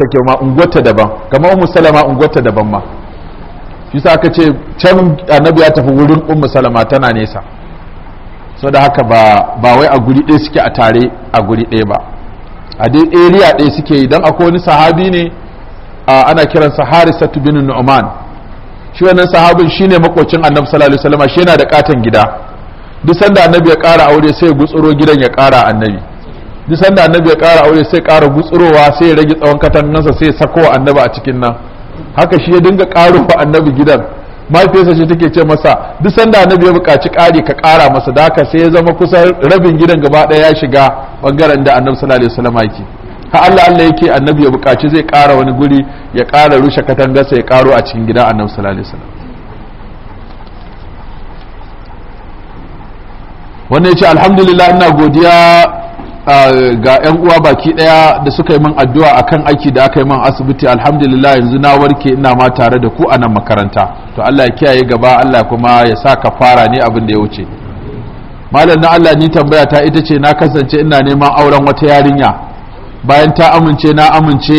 ta kyau ma unguwarta daban kama umu salama unguwarta daban ma shi sa aka ce can annabi ya tafi wurin umu salama tana nesa so da haka ba wai a guri ɗaya suke a tare a guri ɗaya ba a dai area ɗaya suke yi dan akwai wani sahabi ne ana kiransa harisatu bin nu'man shi wannan sahabin shine makocin annabi sallallahu alaihi wasallam shi yana da katon gida duk sanda annabi ya ƙara aure sai ya gutsuro gidan ya ƙara annabi duk sanda annabi ya ƙara aure sai ƙara gutsurowa sai ya rage tsawon katannansa sai ya sako annabi a cikin nan haka shi ya dinga ƙaro a annabi gidan mahaifiyarsa ce take ce masa duk sanda annabi ya buƙaci ƙari ka kara masa da haka sai ya zama kusan rabin gidan gaba ɗaya ya shiga bangaren da annabi sallallahu alaihi wasallam yake ha Allah Allah yake annabi ya buƙaci zai kara wani guri ya kara rushe katangarsa ya karo a cikin gidan annabi sallallahu alaihi wasallam wannan ya ce alhamdulillah ina godiya ga 'yan uwa baki daya da suka yi min addu'a akan aiki da aka yi min asibiti alhamdulillah yanzu na warke ina ma tare da ku a nan makaranta to Allah ya kiyaye gaba Allah kuma ya sa ka fara ne abin da ya wuce malam na Allah ni tambaya ta ita ce na kasance ina neman auren wata yarinya bayan ta amince na amince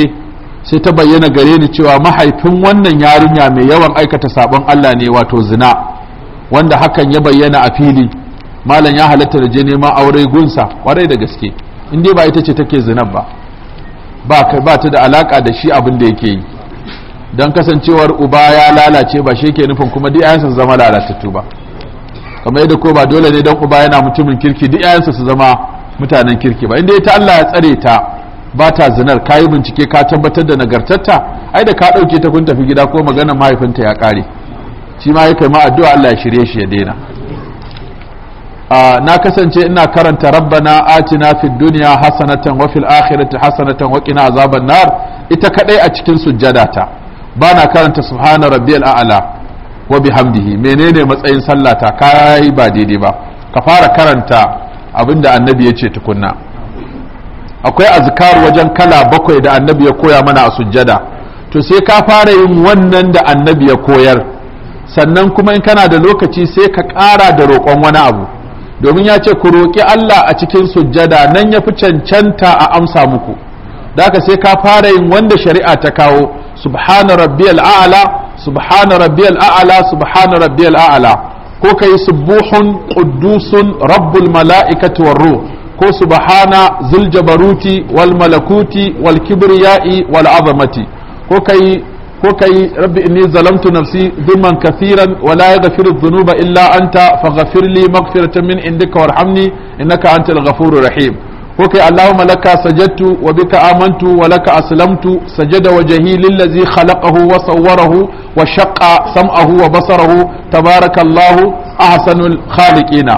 sai ta bayyana gare ni cewa mahaifin wannan yarinya mai yawan aikata sabon Allah ne wato zina wanda hakan ya bayyana a fili malam ya halatta da je nema aure gunsa kwarai da gaske in dai ba ita ce take zinan ba ba ta da alaka da shi abin da yake yi don kasancewar uba ya lalace ba shi ke nufin kuma duk yayansa su zama lalatattu ba kamar da ko ba dole ne don uba yana mutumin kirki duk yayansa su zama mutanen kirki ba inda ta Allah ya tsare ta ba ta zinar ka yi bincike ka tabbatar da nagartatta, ai da ka ɗauke ta kun tafi gida ko maganar mahaifinta ya kare shi ma ya kai ma addu'a Allah ya shirye shi ya daina na kasance ina karanta rabbana atina fid dunya hasanatan wa fil akhirati hasanatan wa qina azaban nar ita kadai a cikin sujjada sujjadata bana karanta subhana rabbiyal a'la wa bihamdihi menene matsayin sallata kai ba daidai ba ka fara karanta abinda annabi ya ce tukunna akwai azkar wajen kala bakwai da annabi ya koya mana a sujjada to sai ka fara yin wannan da annabi ya koyar sannan kuma in kana da lokaci sai ka ƙara da roƙon wani abu domin ya ce ku roƙi Allah a cikin sujjada nan ya fi cancanta a amsa muku da haka sai ka fara yin wanda shari'a ta kawo subhana rabbiyal a'la subhana rabbiyal a'la subhana rabbiyal a'la ko kai subuhun quddusun rabbul mala'ikati war ruh ko subhana zuljabaruti wal malakuti wal kibriyai wal azamati ko kai ko kai rabbi inni zalamtu nafsi dhulman kathiran wa la yaghfiru dhunuba illa anta faghfir li maghfiratan min indika warhamni innaka antal ghafurur rahim ko kai allahumma laka sajadtu wa bika amantu wa laka aslamtu sajada wajhi lillazi khalaqahu wa sawwarahu wa shaqqa sam'ahu wa basarahu tabarakallahu ahsanul khaliqina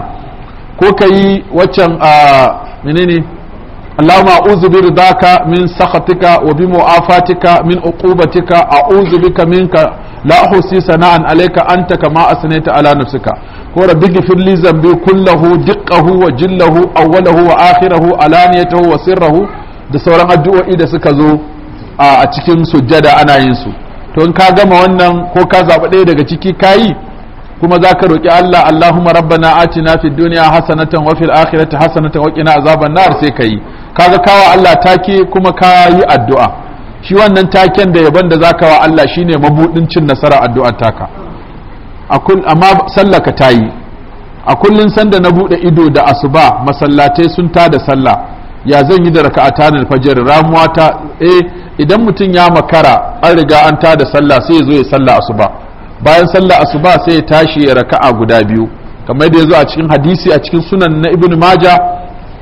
ko kai waccan ah, menene اللهم أعوذ برضاك من سخطك وبمعافاتك من عقوبتك أعوذ بك منك لا أحصي ثناء عليك أنت كما أثنيت على نفسك هو رب اغفر لي ذنبي كله دقه وجله أوله وآخره علانيته وسره da sauran addu'o'i da suka zo a cikin sujjada ana yin su to in ka gama wannan ko ka zaɓi ɗaya daga ciki kayi kuma za ka roƙi Allah Allahumma rabbana atina fid dunya hasanatan wa fil akhirati hasanatan wa qina azaban nar sai kai kaga kawa Allah take kuma ka yi addu'a shi wannan taken da yaban da zaka wa Allah shine mabudin cin nasara addua taka akul amma sallaka tayi a kullun sanda na bude ido da asuba masallatai sun ta da sallah ya zan yi da raka'ata na fajr ramuwa ta eh idan mutum ya makara an riga an ta da sallah sai ya zo ya sallah asuba bayan sallah asuba sai ya tashi ya raka'a guda biyu kamar da yazo a cikin hadisi a cikin sunan na ibnu maja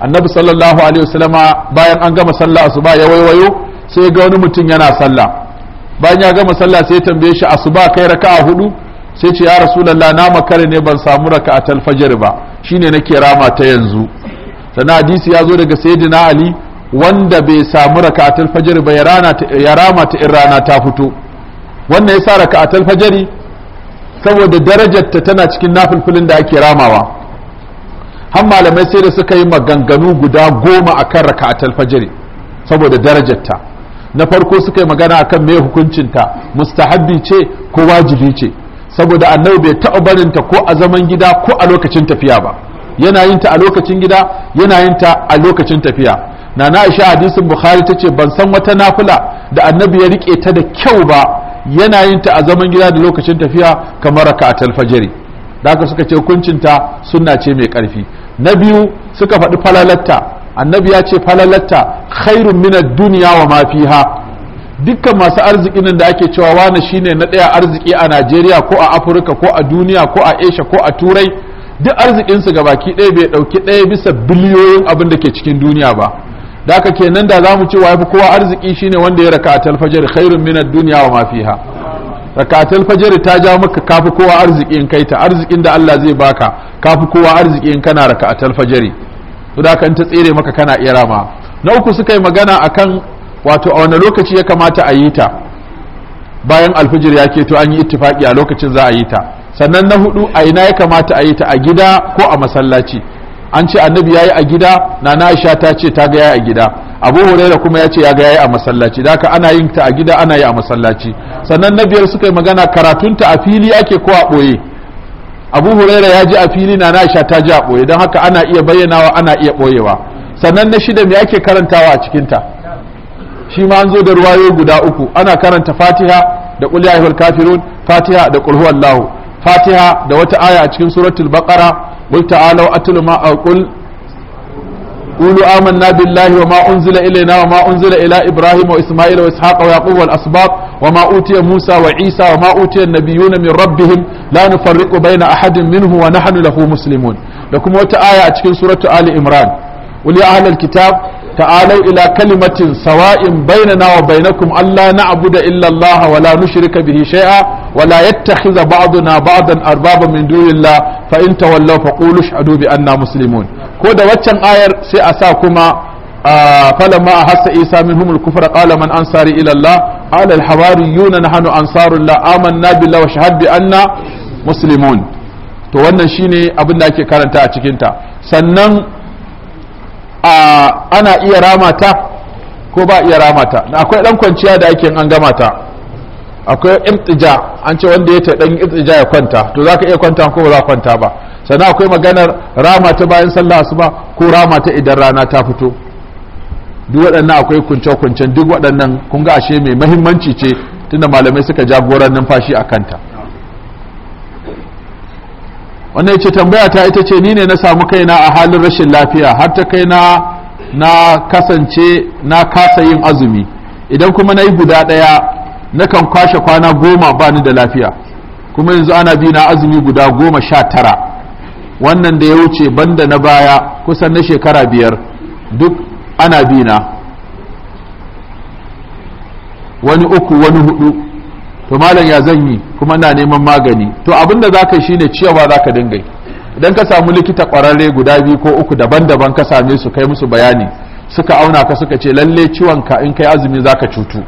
annabi sallallahu alaihi wasallama bayan an gama sallah asuba ya waiwayo sai ga wani mutum yana sallah bayan ya gama sallah sai ya tambaye shi asuba kai raka'a hudu sai ce ya rasulullah na makare ne ban samu raka'atul fajr ba shine nake rama ta yanzu sannan hadisi ya zo daga sayyidina ali wanda bai samu raka'atul fajr ba ya rama ta in rana ta fito wannan ya sa raka'atul fajri saboda darajarta tana cikin nafilfilin da ake ramawa har malamai sai da suka yi maganganu guda goma a kan raka alfajiri saboda darajarta na farko suka yi magana a kan mai hukuncinta mustahabbi ce ko wajibi ce saboda annabi bai taɓa barinta ko a zaman gida ko a lokacin tafiya ba yana yin a lokacin gida yana yin a lokacin tafiya na na aisha hadisin bukhari ta ce ban san wata nafula da annabi ya rike ta da kyau ba yana yin ta a zaman gida da lokacin tafiya kamar a talfajiri da haka suka ce hukuncinta sunna ce mai ƙarfi. na biyu suka faɗi falalatta annabi ya ce falalatta khairun mina duniya wa ma fiha dukkan masu arziki nan da ake cewa wani shine na ɗaya arziki a Najeriya ko a Afirka ko a duniya ko a Asia ko a Turai duk arzikinsu ga baki ɗaya bai ɗauki ɗaya bisa biliyoyin abin da ke cikin duniya ba da ke nan da za mu ce wa fi kowa arziki shine wanda ya raka'atul Kairin khairun minad dunya wa ma fiha rakatul fajr ta ja maka kafi kowa arziki kai ta arzikin da Allah zai baka kafi kowa arziki in kana rakatul fajr to da kan ta tsere maka kana iya rama na uku suka yi magana akan wato a wani lokaci ya kamata a yi ta bayan alfijir ya to an yi ittifaki a lokacin za a yi ta sannan na hudu a ina ya kamata a yi ta a gida ko a masallaci an ce annabi yayi a gida na aisha ta ce ta ga yayi a gida abu huraira kuma ya ce ya ga yayi a masallaci da ana yin ta a gida ana yi a masallaci sannan nabiyar suka yi magana karatunta a fili ake ko a ɓoye abu huraira ya ji a fili na aisha ta ji a boye don haka ana iya bayyanawa ana iya boyewa sannan na shida me ake karantawa a cikinta shi ma an zo da ruwayo guda uku ana karanta fatiha da qul ya kafirun fatiha da qul huwallahu fatiha da wata aya a cikin suratul baqara قل تعالوا أتل ما أقول قولوا آمنا بالله وما أنزل إلينا وما أنزل إلى إبراهيم وإسماعيل وإسحاق ويعقوب والأسباط وما أوتي موسى وعيسى وما أوتي النبيون من ربهم لا نفرق بين أحد منه ونحن له مسلمون لكم وتآية أتكن سورة آل إمران وليا أهل الكتاب ta'alau ila kalimacin sawa'in bainana wa bainakum alla na'budu illa Allah wa la nushrika bihi shai'a. wa la yattakhidha ba'duna ba'dan arbaba min dunillah fa in tawallaw faqulu ashhadu bi anna muslimun ko da waccan ayar sai a sa kuma فلما أحس عيسى منهم الكفر قال من أنصاري إلى الله قال الحواريون نحن أنصار الله آمنا بالله وشهد بأننا مسلمون to wannan shine abin da ake karanta a cikinta sannan ana iya ramata ko ba iya ramata akwai dan kwanciya da ake an gama ta akwai irtija an ce wanda ya ta dan irtija ya kwanta to zaka iya kwanta ko ba za kwanta ba sannan akwai maganar ramata bayan sallah asuba ko ramata idan rana ta fito duk waɗannan akwai kunce-kuncen duk waɗannan kun ga ashe mai muhimmanci ce tunda malamai suka jagoran numfashi a kanta wannan yace tambaya ta ita ce ni ne na samu kaina a halin rashin lafiya har ta kaina na kasance na kasa yin azumi idan kuma na yi guda ɗaya nakan kwashe kwana goma ba ni da lafiya kuma yanzu ana bi na azumi guda goma sha tara wannan da ya wuce banda na baya kusan na shekara biyar duk ana bi na wani uku wani hudu to malam ya zan yi kuma na neman magani to abin da za ka yi shine ciyawa za ka dinga idan ka samu likita ƙwararre guda biyu ko uku daban-daban ka same su kai musu bayani suka auna ka suka ce lalle ciwon ka in kai azumi za ka cutu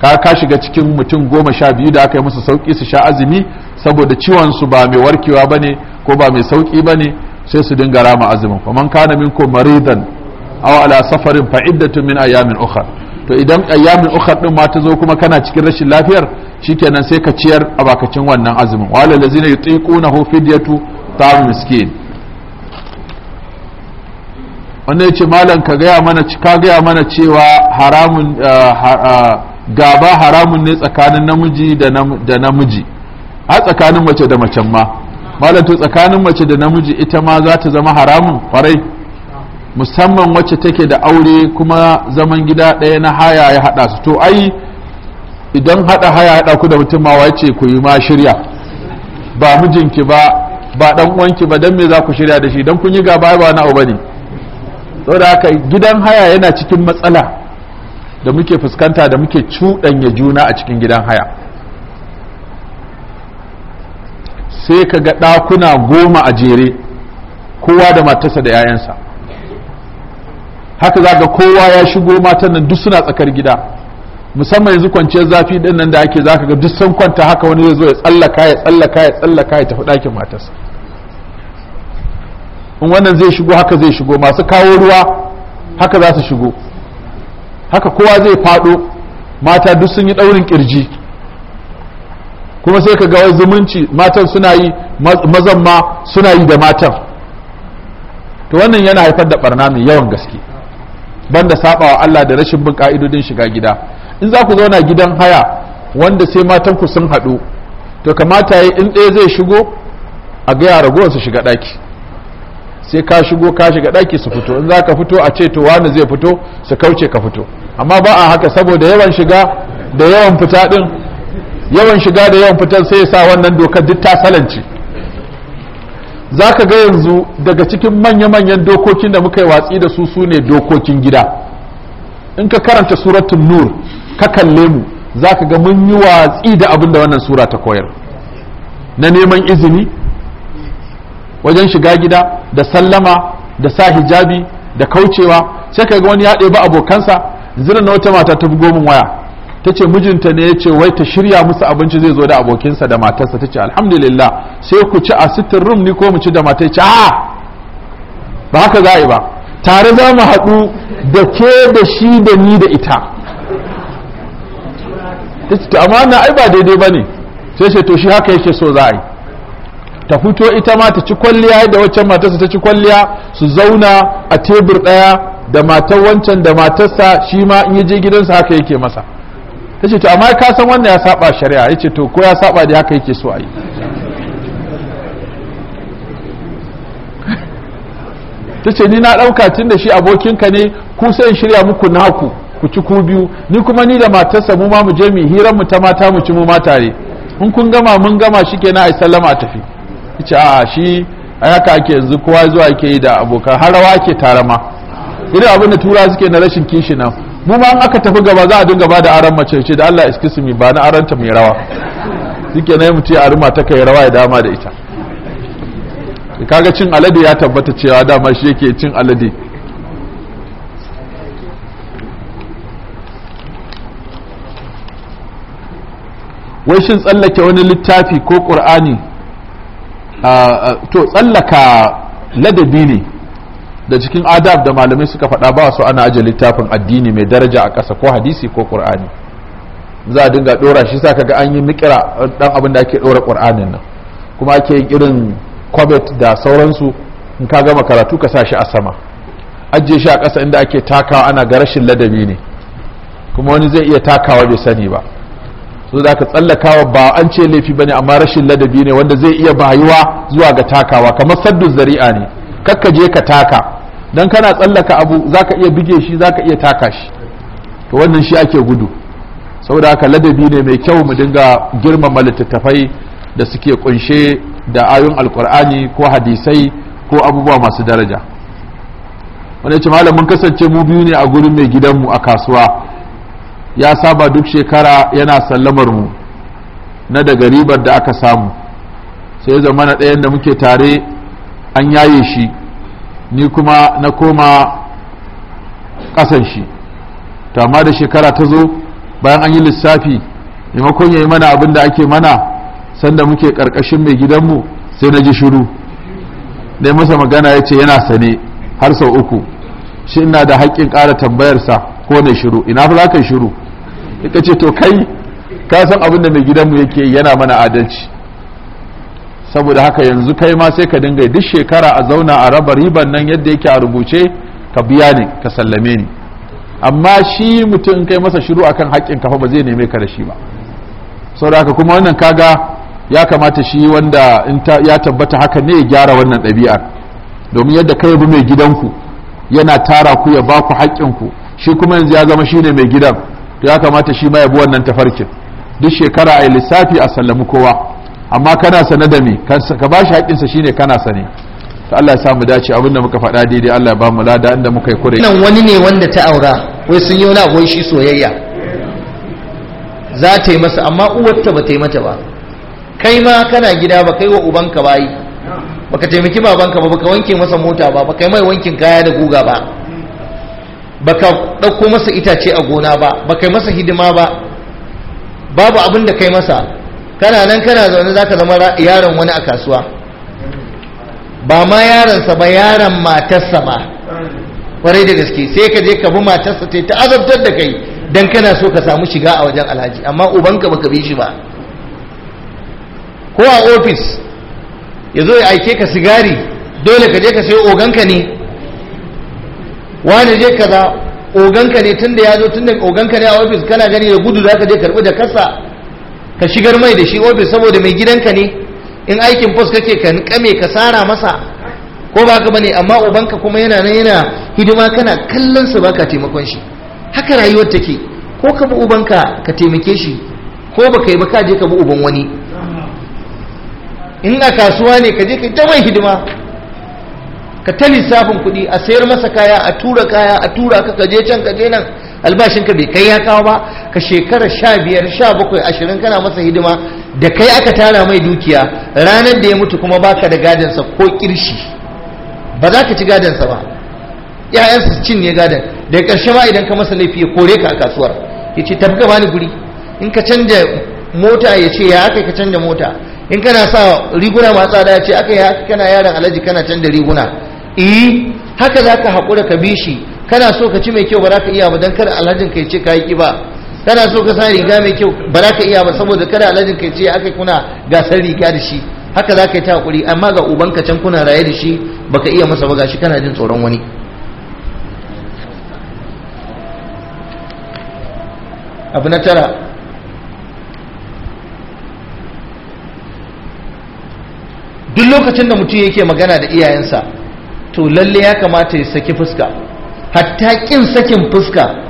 ka ka shiga cikin mutum goma sha biyu da aka yi musu sauki su sha azumi saboda ciwon su ba mai warkewa ba ne ko ba mai sauki ba ne sai su dinga rama azumin kuma kana min ko maridan aw ala safarin fa iddatun min ayamin ukhra to idan ayyamin ukhar ɗin ma ta zo kuma kana cikin rashin lafiyar shikenan sai ka ciyar a bakacin wannan azumin wala lazina yutiqunahu fidyatu ta'am miskin wannan yace malam ka gaya mana ka gaya mana cewa haramun eh, eh, gaba haramun ne tsakanin namiji da namiji a tsakanin mace da macen ma malam to tsakanin mace da namiji ita ma za ta zama haramun kwarai musamman wacce take da aure kuma zaman gida ɗaya na haya ya haɗa su to ai idan haɗa haya haɗa ku da mutum ma wace ku yi ma shirya ba mijinki ba ba ɗan uwanki ba dan me za ku shirya da shi dan kun yi gaba ba na uba ne saboda haka gidan haya yana cikin matsala da muke fuskanta da muke cuɗanya juna a cikin gidan haya sai ka ga ɗakuna goma a jere kowa da matarsa da 'ya'yansa haka za ga kowa ya shigo matan nan duk suna tsakar gida musamman yanzu kwanciyar zafi din nan da ake za ka ga duk san kwanta haka wani zai zo ya tsallaka ya tsallaka ya tsallaka ya tafi ɗakin matarsa in wannan zai shigo haka zai shigo masu kawo ruwa haka za su shigo haka kowa zai faɗo mata duk sun yi ɗaurin ƙirji kuma sai ka ga zumunci matan suna yi mazan ma suna yi da matan to wannan yana haifar da barna mai yawan gaske banda sabawa Allah da rashin bin ka'idodin shiga gida in za ku zauna gidan haya wanda sai matan ku sun haɗu to kamata yi in ɗaya zai shigo a gaya ragowar su shiga ɗaki sai ka shigo ka shiga ɗaki su fito in za ka fito a ce to wani zai fito su kauce ka fito amma ba a haka saboda yawan shiga da yawan fita yawan shiga da yawan fitar sai ya sa wannan dokar duk ta salance za ka ga yanzu daga cikin manya-manyan dokokin da muka yi watsi da su su ne dokokin gida in ka karanta suratun nur ka kalle mu za ka ga mun yi watsi da abin da wannan sura ta koyar na neman izini wajen shiga gida da sallama da sa hijabi da kaucewa sai ka ga wani ya ɗebi abokansa zina na wata mata ta bugo min waya ta ce mijinta ne ya ce wai ta shirya musu abinci zai zo da abokinsa da matarsa ta ce alhamdulillah sai ku ci a sitin rum ni ko mu ci da matar ce a ah, ba haka za yi ba tare za mu haɗu da ke da shi da ni da ita ta ce amma na ai ba daidai ba ne sai ce to shi haka yake so za a yi ta fito ita ma ta ci kwalliya da waccan matarsa ta ci kwalliya su zauna a tebur ɗaya da matar wancan da matarsa shi ma in ya je gidansa haka yake masa ta ce to amma ka san wanda ya saba shari'a ya ce to ko ya saba da haka yake so a yi ta ce ni na ɗauka tun da shi abokinka ne ku sai in shirya muku naku ku ci ku biyu ni kuma ni da matarsa mu ma mu je mu hirar mu ta mata mu ci mu ma tare in kun gama mun gama a ai sallama a tafi ce a shi haka ake yanzu kowa zuwa ake yi da abokan har rawa ake tare ma irin abin da tura suke na rashin kishi nan mu ma aka tafi gaba za a dinga ba da aran mace ce da Allah excuse me ba na aranta mai rawa shike na mu a rima ta kai rawa ya dama da ita kaga cin alade ya tabbata cewa dama shi yake cin alade wai shin tsallake wani littafi ko ƙur'ani ah, ah, to tsallaka ladabi ne da cikin adab da malamai suka faɗa ba su ana ajiye littafin addini mai daraja a ƙasa ko hadisi ko ƙur'ani za a dinga ɗora shi sa kaga an yi mikira ɗan abin da ake ɗora ƙur'anin nan kuma ake yin irin kwabet da sauransu in ka gama karatu ka sa shi a sama ajiye shi a ƙasa inda ake takawa ana ga rashin ladabi ne kuma wani zai iya takawa bai sani ba so da ka tsallakawa ba an ce laifi bane amma rashin ladabi ne wanda zai iya bayuwa zuwa ga takawa kamar saddun zari'a ne kakka je ka taka dan kana tsallaka abu zaka iya bige shi zaka iya taka shi to wannan shi ake gudu saboda haka ladabi ne mai kyau mu dinga girmama littattafai da suke kunshe da ayoyin alkur'ani ko hadisai ko abubuwa masu daraja wani ce malam mun kasance mu biyu ne a gurin mai gidanmu a kasuwa ya saba duk shekara yana sallamar mu na daga ribar da aka samu sai zamana na ɗayan da muke tare an yaye shi ni kuma na koma ƙasan shi to amma da shekara ta zo bayan an yi lissafi maimakon ya yi mana abin da ake mana sanda muke ƙarƙashin mai gidanmu sai na ji shiru dai masa magana ya ce yana sane har sau uku shi ina da haƙƙin ƙara tambayarsa ko na shiru ina fa za ka shiru ka ce to kai ka san abin da mai gidanmu yake yana mana adalci saboda haka yanzu kai ma sai ka dinga duk shekara a zauna a raba riban nan yadda yake a rubuce ka biya ni ka sallame ni amma shi mutum in kai masa shiru akan haƙƙin kafa ba zai neme ka da shi ba saboda haka kuma wannan kaga ya kamata shi wanda ya tabbata haka ne ya gyara wannan ɗabi'ar domin yadda kai bi mai gidanku yana tara ku ya ba ku haƙƙinku shi kuma yanzu ya zama shine mai gidan to ya kamata shi ma ya bi wannan tafarkin duk shekara a yi lissafi a sallami kowa amma kana sane da me ka ba shi haƙƙinsa shine kana sane to Allah ya samu dace abin da muka faɗa daidai Allah ya ba mu lada inda muka yi kure nan wani ne wanda ta aura wai sun yi wani abuwan shi soyayya za ta yi masa amma uwarta ba ta yi mata ba kai ma kana gida ba kai wa ubanka bayi baka taimaki babanka ba baka wanke masa mota ba baka yi mai wankin kaya da guga ba baka ɗauko masa itace a gona ba baka yi masa hidima ba babu abin da kai masa kana nan kana zaune zaka zama yaron wani a kasuwa ba ma yaronsa ba yaron matarsa ba kwarai da gaske sai ka je ka bi matarsa ta ta azabtar da kai don kana so ka samu shiga a wajen alhaji amma ubanka baka bi shi ba ko a ofis ya zo ya aike ka sigari dole ka je ka sayo oganka ne wani je kaza oganka ne tunda ya zo tunda oganka ne a ofis kana gani da gudu za ka je karbi da kasa ka shigar mai da shi ofis saboda mai gidanka ne in aikin fos kake ka kame ka sara masa ko ba ka bane amma ubanka kuma yana nan yana hidima kana kallon sa baka taimakon shi haka rayuwar take ko ka bi ubanka ka taimake shi ko ba ka ba ka je ka bi uban wani in a kasuwa ne ka je ka ta mai hidima ka ta lissafin kuɗi a sayar masa kaya a tura kaya a tura ka ka je can ka je nan albashinka bai kai ya kawo ba ka shekara sha biyar sha bakwai ashirin kana masa hidima da kai aka tara mai dukiya ranar da ya mutu kuma baka da gadansa ko kirshi ba za ka ci gadansa ba ‘ya'yansa su cinye gadon daga ƙarshe ma idan ka masa laifi ya kore ka a kasuwar ya ce tafi gaba ni guri in ka canja mota ya ce ya aka ka canja mota in kana sa riguna masu tsada ya ce aka haka kana yaron alaji kana canja riguna eh haka za ka haƙura ka bi shi kana so ka ci mai kyau ba za ka iya ba don kar alhajin ka ya ce ka yi ba. kana so ka sa riga mai kyau ba za ka iya ba saboda kada alajin kai ce aka kuna gasar riga da shi haka za ka yi ta hakuri amma ga ka can kuna raye da shi baka iya masa ba shi kana jin tsoron wani abu na tara duk lokacin da mutum yake magana da iyayensa to lalle ya kamata ya saki fuska hatta kin sakin fuska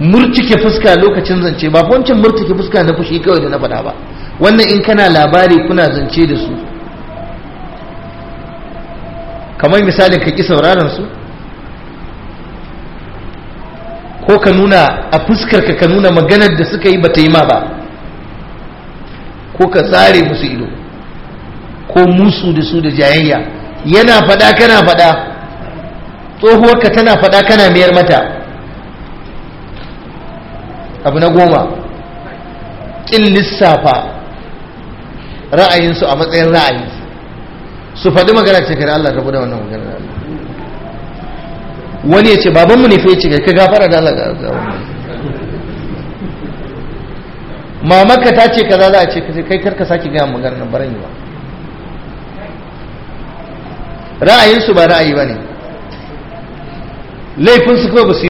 murtike fuska lokacin zance ba wancan murtike fuska na fushi kawai da na faɗa ba wannan in kana labari kuna zance da su kamar misalin ka ƙi sauraron su ko ka nuna a fuskar ka ka nuna maganar da suka yi ba ta yi ma ba ko ka tsare musu ido ko musu da su da jayayya yana faɗa kana faɗa tsohuwarka tana faɗa kana mayar mata abu na goma ƙin lissafa ra'ayinsu a matsayin ra'ayi su faɗi magana ce kare Allah rabu da wannan magana da Allah wani ya ce babanmu ne fiye ce ka gafara da Allah ga mamarka ta ce kaza za a ce kai karka sake gaya magana nan baran ba ra'ayinsu ba ra'ayi ba ne laifinsu kuma ba su